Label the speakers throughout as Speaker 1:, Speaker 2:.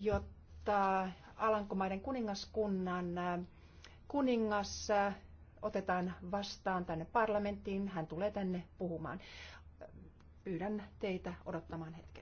Speaker 1: jotta Alankomaiden kuningaskunnan äh, kuningas äh, otetaan vastaan tänne parlamenttiin. Hän tulee tänne puhumaan. Pyydän teitä odottamaan hetken.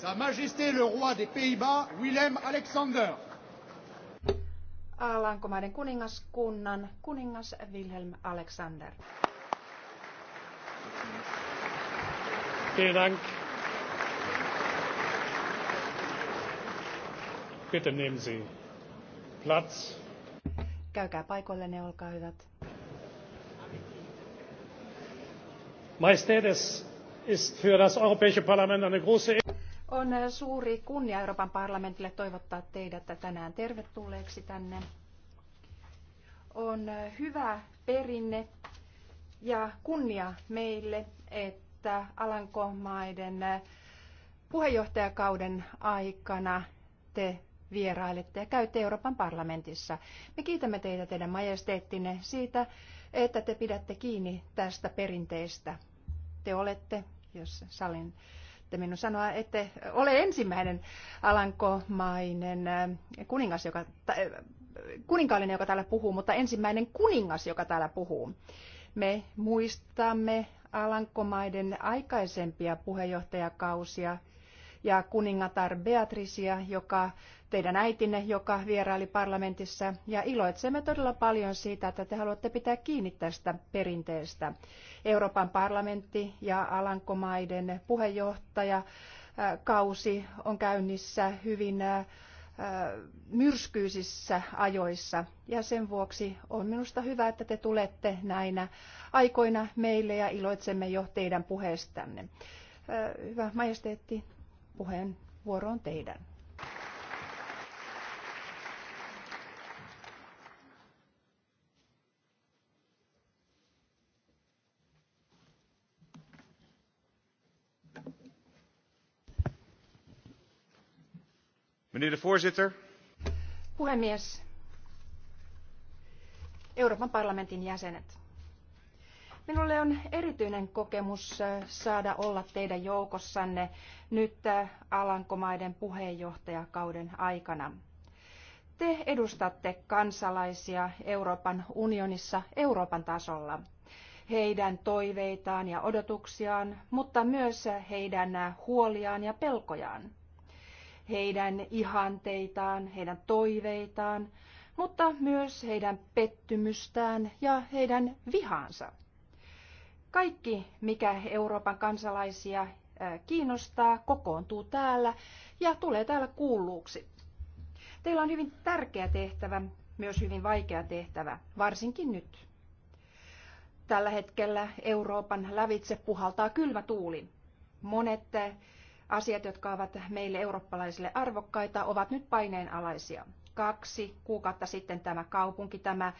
Speaker 1: Sa Majesté le roi des Pays-Bas, Willem Alexander. Alankomaiden kuningaskunnan kuningas Wilhelm Alexander. Vielen Dank. Bitte nehmen Sie Platz. Käykää paikoille ne olkaa hyvät. Majestätes ist für das Europäische Parlament eine große on eh, suuri kunnia Euroopan parlamentille toivottaa teidät tänään tervetulleeksi tänne. On eh, hyvä perinne ja kunnia meille, että Alankomaiden eh, puheenjohtajakauden aikana te vierailette ja käytte Euroopan parlamentissa. Me kiitämme teitä teidän majesteettinne siitä, että te pidätte kiinni tästä perinteestä. Te olette, jos salin sallitte minun sanoa, että ole ensimmäinen alankomainen äh, kuningas, joka, äh, kuninkaallinen, joka täällä puhuu, mutta ensimmäinen kuningas, joka täällä puhuu. Me muistamme Alankomaiden aikaisempia puheenjohtajakausia – ja kuningatar Beatrisia, joka teidän äitinne, joka vieraili parlamentissa. Ja iloitsemme todella paljon siitä, että te haluatte pitää kiinni tästä perinteestä. Euroopan parlamentti ja Alankomaiden puheenjohtaja äh, kausi on käynnissä hyvin äh, myrskyisissä ajoissa. Ja sen vuoksi on minusta hyvä, että te tulette näinä aikoina meille ja iloitsemme jo teidän puheestanne. Äh, hyvä majesteetti, vuoro on teidän. puhemies euroopan parlamentin jäsenet Minulle on erityinen kokemus äh, saada olla teidän joukossanne nyt äh, Alankomaiden puheenjohtajakauden aikana. Te edustatte kansalaisia Euroopan unionissa Euroopan tasolla, heidän toiveitaan ja odotuksiaan, mutta myös heidän äh, huoliaan ja pelkojaan, heidän ihanteitaan, heidän toiveitaan, mutta myös heidän pettymystään ja heidän vihaansa. Kaikki, mikä Euroopan kansalaisia kiinnostaa, kokoontuu täällä ja tulee täällä kuulluuksi. Teillä on hyvin tärkeä tehtävä, myös hyvin vaikea tehtävä, varsinkin nyt. Tällä hetkellä Euroopan lävitse puhaltaa kylmä tuuli. Monet asiat, jotka ovat meille eurooppalaisille arvokkaita, ovat nyt paineenalaisia kaksi kuukautta sitten tämä kaupunki, tämä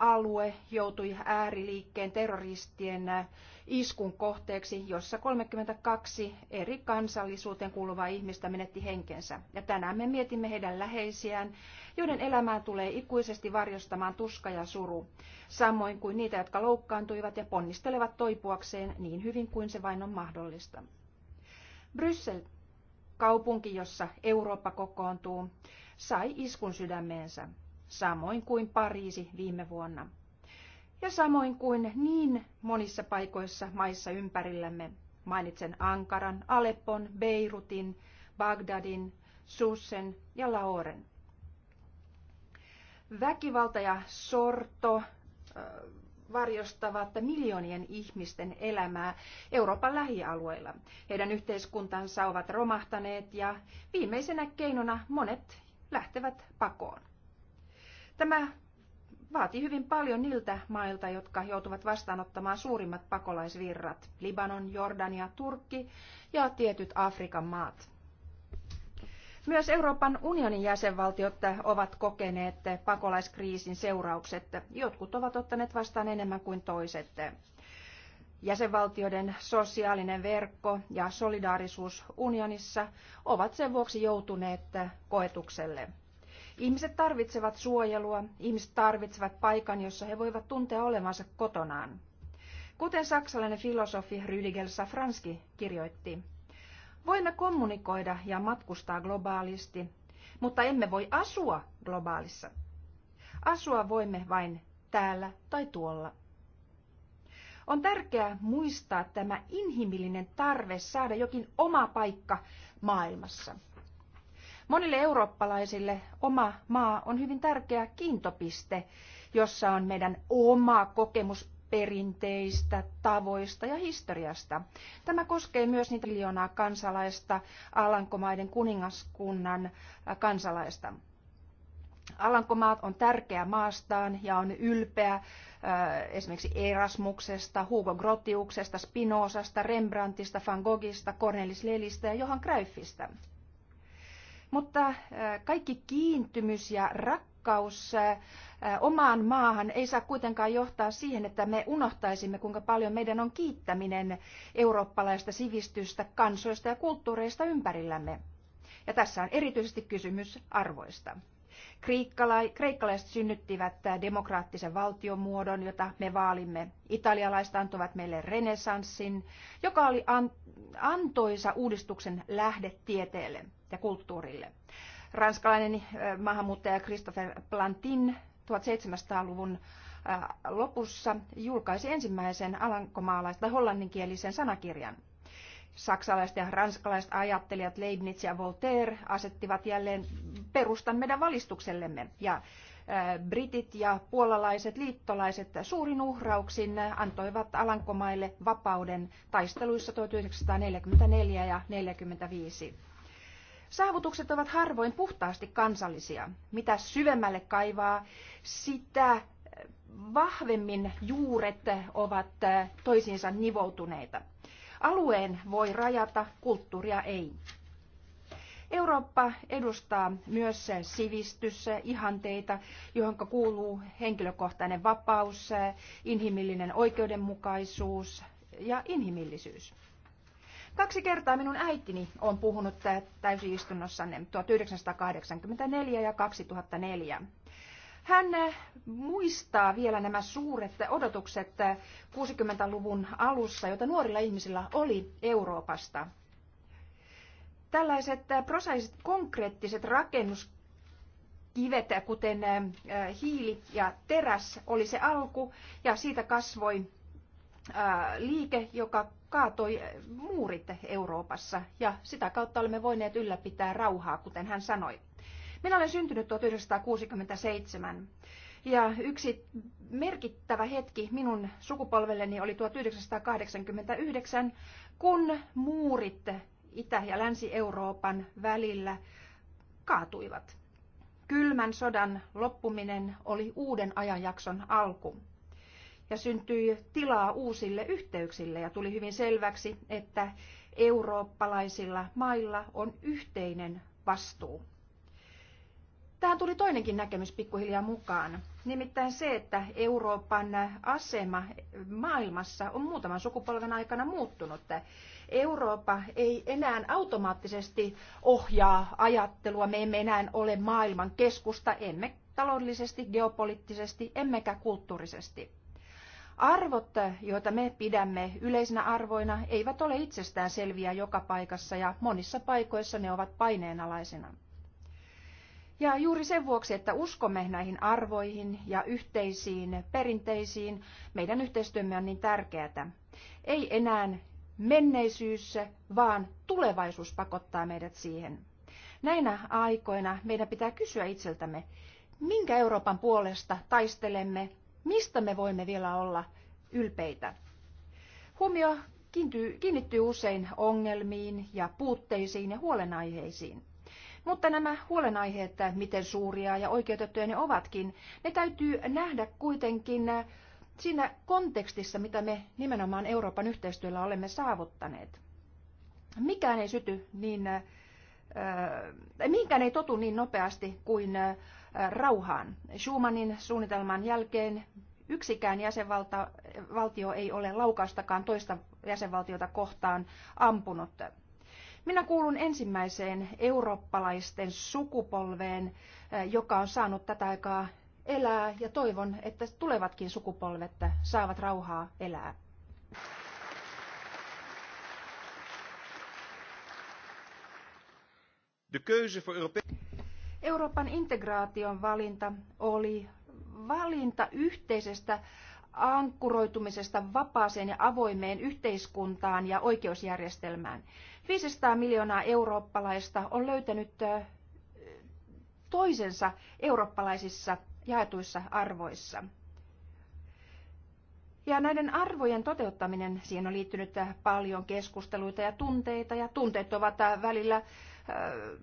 Speaker 1: alue joutui ääriliikkeen terroristien iskun kohteeksi, jossa 32 eri kansallisuuteen kuuluvaa ihmistä menetti henkensä. Ja tänään me mietimme heidän läheisiään, joiden elämään tulee ikuisesti varjostamaan tuska ja suru, samoin kuin niitä, jotka loukkaantuivat ja ponnistelevat toipuakseen niin hyvin kuin se vain on mahdollista. Bryssel, kaupunki, jossa Eurooppa kokoontuu, sai iskun sydämeensä, samoin kuin Pariisi viime vuonna. Ja samoin kuin niin monissa paikoissa maissa ympärillämme, mainitsen Ankaran, Aleppon, Beirutin, Bagdadin, Sussen ja Laoren. Väkivalta ja sorto varjostavat miljoonien ihmisten elämää Euroopan lähialueilla. Heidän yhteiskuntansa ovat romahtaneet ja viimeisenä keinona monet lähtevät pakoon. Tämä vaatii hyvin paljon niiltä mailta, jotka joutuvat vastaanottamaan suurimmat pakolaisvirrat, Libanon, Jordania, Turkki ja tietyt Afrikan maat. Myös Euroopan unionin jäsenvaltiot ovat kokeneet pakolaiskriisin seuraukset. Jotkut ovat ottaneet vastaan enemmän kuin toiset jäsenvaltioiden sosiaalinen verkko ja solidaarisuus unionissa ovat sen vuoksi joutuneet koetukselle. Ihmiset tarvitsevat suojelua, ihmiset tarvitsevat paikan, jossa he voivat tuntea olevansa kotonaan. Kuten saksalainen filosofi Rüdiger Safranski kirjoitti, voimme kommunikoida ja matkustaa globaalisti, mutta emme voi asua globaalissa. Asua voimme vain täällä tai tuolla. On tärkeää muistaa tämä inhimillinen tarve saada jokin oma paikka maailmassa. Monille eurooppalaisille oma maa on hyvin tärkeä kiintopiste, jossa on meidän oma kokemus perinteistä, tavoista ja historiasta. Tämä koskee myös niitä miljoonaa kansalaista, Alankomaiden kuningaskunnan kansalaista. Alankomaat on tärkeä maastaan ja on ylpeä äh, esimerkiksi Erasmuksesta, Hugo Grotiuksesta, Spinozasta, Rembrandtista, Van Goghista, Cornelis Lelistä ja Johan Cruyffista. Mutta äh, kaikki kiintymys ja rakkaus äh, omaan maahan ei saa kuitenkaan johtaa siihen, että me unohtaisimme, kuinka paljon meidän on kiittäminen eurooppalaista sivistystä, kansoista ja kulttuureista ympärillämme. Ja tässä on erityisesti kysymys arvoista. Kreikkalaiset synnyttivät äh, demokraattisen valtiomuodon, jota me vaalimme. Italialaiset antoivat meille renesanssin, joka oli antoisa uudistuksen lähde tieteelle ja kulttuurille. Ranskalainen äh, maahanmuuttaja Christopher Plantin 1700-luvun äh, lopussa julkaisi ensimmäisen alankomaalais- hollanninkielisen sanakirjan – saksalaiset ja ranskalaiset ajattelijat Leibniz ja Voltaire asettivat jälleen perustan meidän valistuksellemme. Ja britit ja puolalaiset liittolaiset suurin uhrauksin antoivat Alankomaille vapauden taisteluissa 1944 ja 1945. Saavutukset ovat harvoin puhtaasti kansallisia. Mitä syvemmälle kaivaa, sitä vahvemmin juuret ovat toisiinsa nivoutuneita. Alueen voi rajata, kulttuuria ei. Eurooppa edustaa myös sivistys, ihanteita, johon kuuluu henkilökohtainen vapaus, inhimillinen oikeudenmukaisuus ja inhimillisyys. Kaksi kertaa minun äitini on puhunut täysistunnossanne 1984 ja 2004. Hän eh, muistaa vielä nämä suuret odotukset 60-luvun eh, alussa, joita nuorilla ihmisillä oli Euroopasta. Tällaiset eh, prosaiset konkreettiset rakennuskivet, kuten hiili ja teräs, oli se alku ja siitä kasvoi liike, joka kaatoi muurit Euroopassa ja sitä kautta olemme voineet ylläpitää rauhaa, kuten hän sanoi. Minä olen syntynyt 1967 ja yksi merkittävä hetki minun sukupolvelleni oli 1989, kun muurit Itä- ja Länsi-Euroopan välillä kaatuivat. Kylmän sodan loppuminen oli uuden ajanjakson alku ja syntyi tilaa uusille yhteyksille ja tuli hyvin selväksi, että eurooppalaisilla mailla on yhteinen vastuu. Tähän tuli toinenkin näkemys pikkuhiljaa mukaan, nimittäin se, että Euroopan asema maailmassa on muutaman sukupolven aikana muuttunut. Eurooppa ei enää automaattisesti ohjaa ajattelua, me emme enää ole maailman keskusta, emme taloudellisesti, geopoliittisesti, emmekä kulttuurisesti. Arvot, joita me pidämme yleisinä arvoina, eivät ole itsestään selviä joka paikassa ja monissa paikoissa ne ovat paineenalaisena. Ja juuri sen vuoksi, että uskomme näihin arvoihin ja yhteisiin perinteisiin, meidän yhteistyömme on niin tärkeää. Ei enää menneisyys, vaan tulevaisuus pakottaa meidät siihen. Näinä aikoina meidän pitää kysyä itseltämme, minkä Euroopan puolesta taistelemme, mistä me voimme vielä olla ylpeitä. Huomio kiinnittyy usein ongelmiin ja puutteisiin ja huolenaiheisiin. Mutta nämä huolenaiheet, miten suuria ja oikeutettuja ne ovatkin, ne täytyy nähdä kuitenkin siinä kontekstissa, mitä me nimenomaan Euroopan yhteistyöllä olemme saavuttaneet. Mikään ei syty niin, äh, minkään ei totu niin nopeasti kuin äh, rauhaan. Schumannin suunnitelman jälkeen yksikään jäsenvaltio ei ole laukaistakaan toista jäsenvaltiota kohtaan ampunut. Minä kuulun ensimmäiseen eurooppalaisten sukupolveen, joka on saanut tätä aikaa elää ja toivon, että tulevatkin sukupolvet saavat rauhaa elää. Euroopan integraation valinta oli valinta yhteisestä ankkuroitumisesta vapaaseen ja avoimeen yhteiskuntaan ja oikeusjärjestelmään. 500 miljoonaa eurooppalaista on löytänyt toisensa eurooppalaisissa jaetuissa arvoissa. Ja näiden arvojen toteuttaminen, siihen on liittynyt paljon keskusteluita ja tunteita, ja tunteet ovat välillä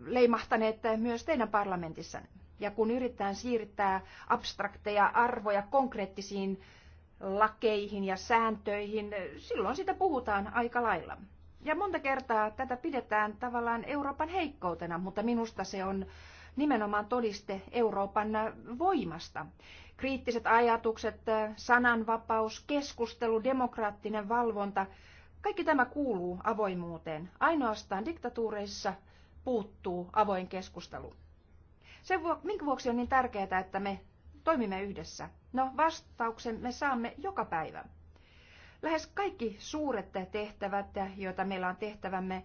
Speaker 1: leimahtaneet myös teidän parlamentissanne. Ja kun yritetään siirtää abstrakteja arvoja konkreettisiin lakeihin ja sääntöihin, silloin sitä puhutaan aika lailla. Ja monta kertaa tätä pidetään tavallaan Euroopan heikkoutena, mutta minusta se on nimenomaan todiste Euroopan voimasta. Kriittiset ajatukset, sananvapaus, keskustelu, demokraattinen valvonta, kaikki tämä kuuluu avoimuuteen. Ainoastaan diktatuureissa puuttuu avoin keskustelu. Sen vuok- minkä vuoksi on niin tärkeää, että me toimimme yhdessä? No, vastauksen me saamme joka päivä. Lähes kaikki suuret tehtävät, joita meillä on tehtävämme,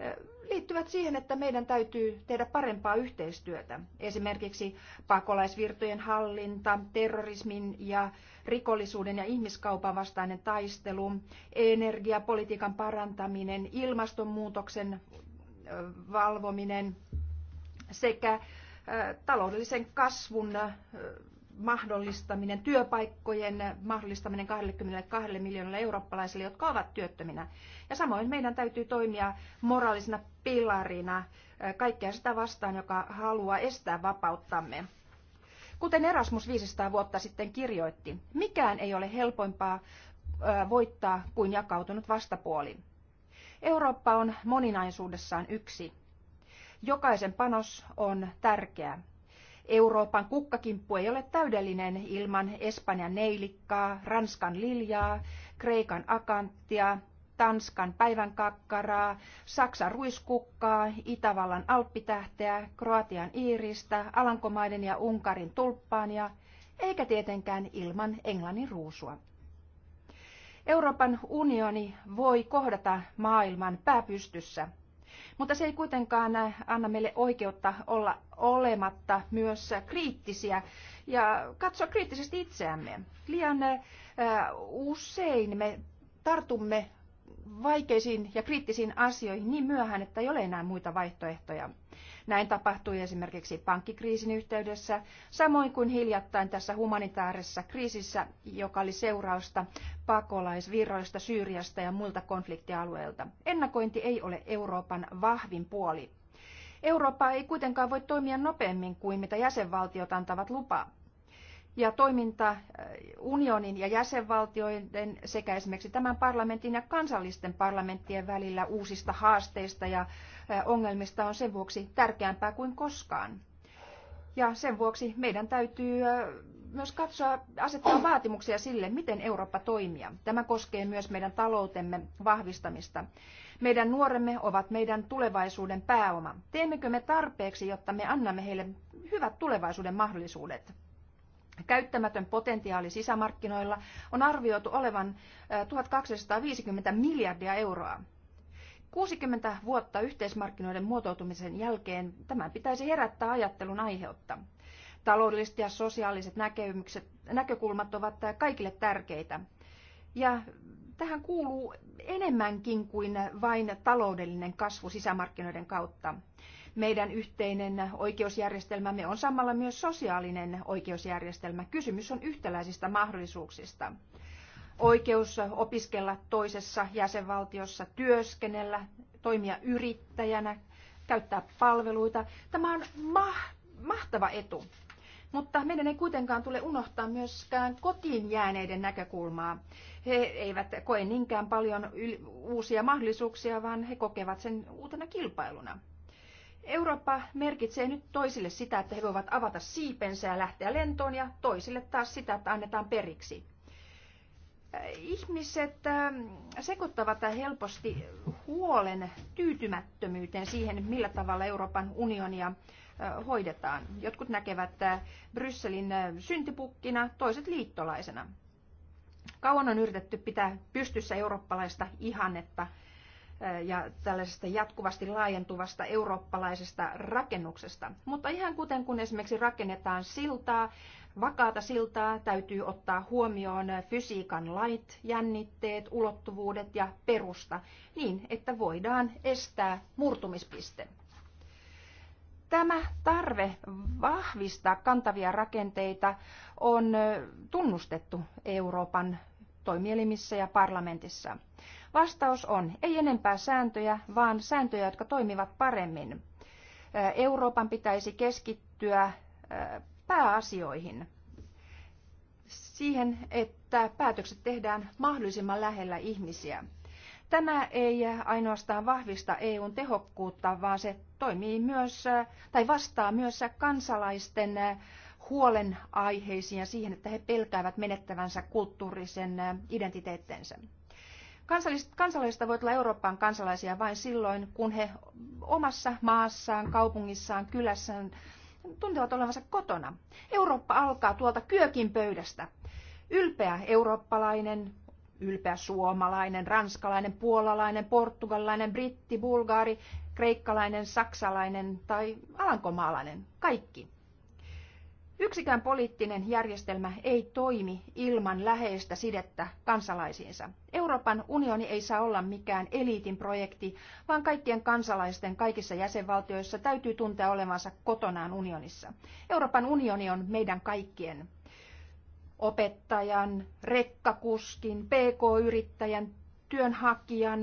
Speaker 1: eh, liittyvät siihen, että meidän täytyy tehdä parempaa yhteistyötä. Esimerkiksi pakolaisvirtojen hallinta, terrorismin ja rikollisuuden ja ihmiskaupan vastainen taistelu, energiapolitiikan parantaminen, ilmastonmuutoksen eh, valvominen sekä eh, taloudellisen kasvun mahdollistaminen, työpaikkojen mahdollistaminen 22 miljoonalle eurooppalaisille, jotka ovat työttöminä. Ja samoin meidän täytyy toimia moraalisena pilarina kaikkea sitä vastaan, joka haluaa estää vapauttamme. Kuten Erasmus 500 vuotta sitten kirjoitti, mikään ei ole helpompaa voittaa kuin jakautunut vastapuoli. Eurooppa on moninaisuudessaan yksi. Jokaisen panos on tärkeä. Euroopan kukkakimppu ei ole täydellinen ilman Espanjan neilikkaa, Ranskan liljaa, Kreikan akanttia, Tanskan päivänkakkaraa, Saksan ruiskukkaa, Itävallan alppitähteä, Kroatian iiristä, Alankomaiden ja Unkarin tulppaania, eikä tietenkään ilman Englannin ruusua. Euroopan unioni voi kohdata maailman pääpystyssä mutta se ei kuitenkaan äh, anna meille oikeutta olla olematta myös kriittisiä ja katsoa kriittisesti itseämme. Liian äh, usein me tartumme vaikeisiin ja kriittisiin asioihin niin myöhään, että ei ole enää muita vaihtoehtoja. Näin tapahtui esimerkiksi pankkikriisin yhteydessä, samoin kuin hiljattain tässä humanitaarisessa kriisissä, joka oli seurausta pakolaisvirroista Syyriasta ja muilta konfliktialueilta. Ennakointi ei ole Euroopan vahvin puoli. Eurooppa ei kuitenkaan voi toimia nopeammin kuin mitä jäsenvaltiot antavat lupaa ja toiminta äh, unionin ja jäsenvaltioiden sekä esimerkiksi tämän parlamentin ja kansallisten parlamenttien välillä uusista haasteista ja äh, ongelmista on sen vuoksi tärkeämpää kuin koskaan. Ja sen vuoksi meidän täytyy äh, myös katsoa, asettaa vaatimuksia sille, miten Eurooppa toimia. Tämä koskee myös meidän taloutemme vahvistamista. Meidän nuoremme ovat meidän tulevaisuuden pääoma. Teemmekö me tarpeeksi, jotta me annamme heille hyvät tulevaisuuden mahdollisuudet? käyttämätön potentiaali sisämarkkinoilla on arvioitu olevan 1250 miljardia euroa. 60 vuotta yhteismarkkinoiden muotoutumisen jälkeen tämän pitäisi herättää ajattelun aiheutta. Taloudelliset ja sosiaaliset näkemykset, näkökulmat ovat kaikille tärkeitä. Ja tähän kuuluu enemmänkin kuin vain taloudellinen kasvu sisämarkkinoiden kautta meidän yhteinen oikeusjärjestelmämme on samalla myös sosiaalinen oikeusjärjestelmä. Kysymys on yhtäläisistä mahdollisuuksista. Oikeus opiskella toisessa jäsenvaltiossa, työskennellä, toimia yrittäjänä, käyttää palveluita. Tämä on mahtava etu. Mutta meidän ei kuitenkaan tule unohtaa myöskään kotiin jääneiden näkökulmaa. He eivät koe niinkään paljon uusia mahdollisuuksia, vaan he kokevat sen uutena kilpailuna. Eurooppa merkitsee nyt toisille sitä, että he voivat avata siipensä ja lähteä lentoon ja toisille taas sitä, että annetaan periksi. Äh, ihmiset äh, sekoittavat helposti huolen tyytymättömyyteen siihen, millä tavalla Euroopan unionia äh, hoidetaan. Jotkut näkevät Brysselin syntipukkina, toiset liittolaisena. Kauan on yritetty pitää pystyssä eurooppalaista ihannetta ja tällaisesta jatkuvasti laajentuvasta eurooppalaisesta rakennuksesta. Mutta ihan kuten kun esimerkiksi rakennetaan siltaa, vakaata siltaa täytyy ottaa huomioon fysiikan lait, jännitteet, ulottuvuudet ja perusta niin, että voidaan estää murtumispiste. Tämä tarve vahvistaa kantavia rakenteita on tunnustettu Euroopan toimielimissä ja parlamentissa? Vastaus on, ei enempää sääntöjä, vaan sääntöjä, jotka toimivat paremmin. Euroopan pitäisi keskittyä pääasioihin. Siihen, että päätökset tehdään mahdollisimman lähellä ihmisiä. Tämä ei ainoastaan vahvista EUn tehokkuutta, vaan se toimii myös tai vastaa myös kansalaisten huolenaiheisiin ja siihen, että he pelkäävät menettävänsä kulttuurisen identiteettinsä. Kansalaisista voi tulla Euroopan kansalaisia vain silloin, kun he omassa maassaan, kaupungissaan, kylässään tuntevat olevansa kotona. Eurooppa alkaa tuolta kyökin pöydästä. Ylpeä eurooppalainen, ylpeä suomalainen, ranskalainen, puolalainen, portugalainen, britti, bulgaari, kreikkalainen, saksalainen tai alankomaalainen. Kaikki. Yksikään poliittinen järjestelmä ei toimi ilman läheistä sidettä kansalaisiinsa. Euroopan unioni ei saa olla mikään eliitin projekti, vaan kaikkien kansalaisten kaikissa jäsenvaltioissa täytyy tuntea olevansa kotonaan unionissa. Euroopan unioni on meidän kaikkien opettajan, rekkakuskin, pk-yrittäjän, työnhakijan,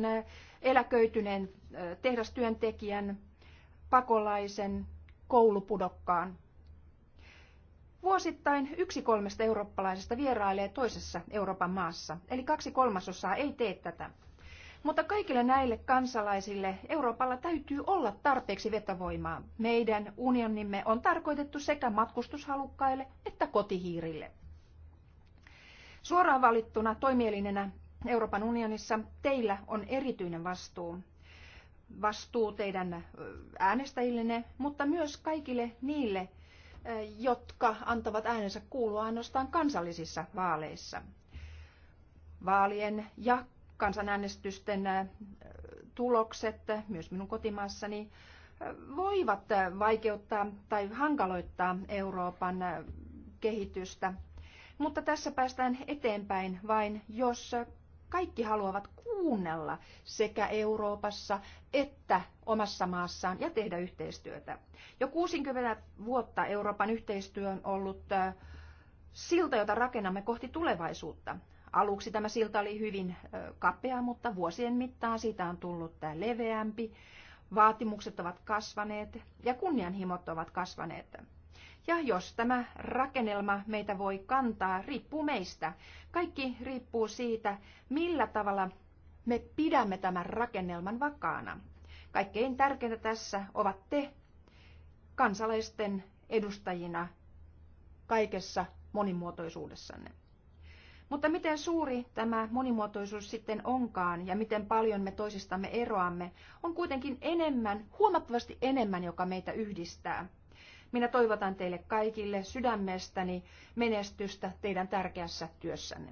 Speaker 1: eläköityneen tehdastyöntekijän, pakolaisen, koulupudokkaan Vuosittain yksi kolmesta eurooppalaisesta vierailee toisessa Euroopan maassa, eli kaksi kolmasosaa ei tee tätä. Mutta kaikille näille kansalaisille Euroopalla täytyy olla tarpeeksi vetovoimaa. Meidän unionimme on tarkoitettu sekä matkustushalukkaille että kotihiirille. Suoraan valittuna toimielinenä Euroopan unionissa teillä on erityinen vastuu. Vastuu teidän äänestäjillenne, mutta myös kaikille niille, jotka antavat äänensä kuulua ainoastaan kansallisissa vaaleissa. Vaalien ja kansanäänestysten tulokset, myös minun kotimaassani, voivat vaikeuttaa tai hankaloittaa Euroopan kehitystä. Mutta tässä päästään eteenpäin vain, jos kaikki haluavat kuunnella sekä Euroopassa että omassa maassaan ja tehdä yhteistyötä. Jo 60 vuotta Euroopan yhteistyö on ollut äh, silta, jota rakennamme kohti tulevaisuutta. Aluksi tämä silta oli hyvin äh, kapea, mutta vuosien mittaan siitä on tullut tämä äh, leveämpi. Vaatimukset ovat kasvaneet ja kunnianhimot ovat kasvaneet. Ja jos tämä rakennelma meitä voi kantaa, riippuu meistä. Kaikki riippuu siitä, millä tavalla me pidämme tämän rakennelman vakaana. Kaikkein tärkeintä tässä ovat te kansalaisten edustajina kaikessa monimuotoisuudessanne. Mutta miten suuri tämä monimuotoisuus sitten onkaan ja miten paljon me toisistamme eroamme, on kuitenkin enemmän, huomattavasti enemmän, joka meitä yhdistää – minä toivotan teille kaikille sydämestäni menestystä teidän tärkeässä työssänne.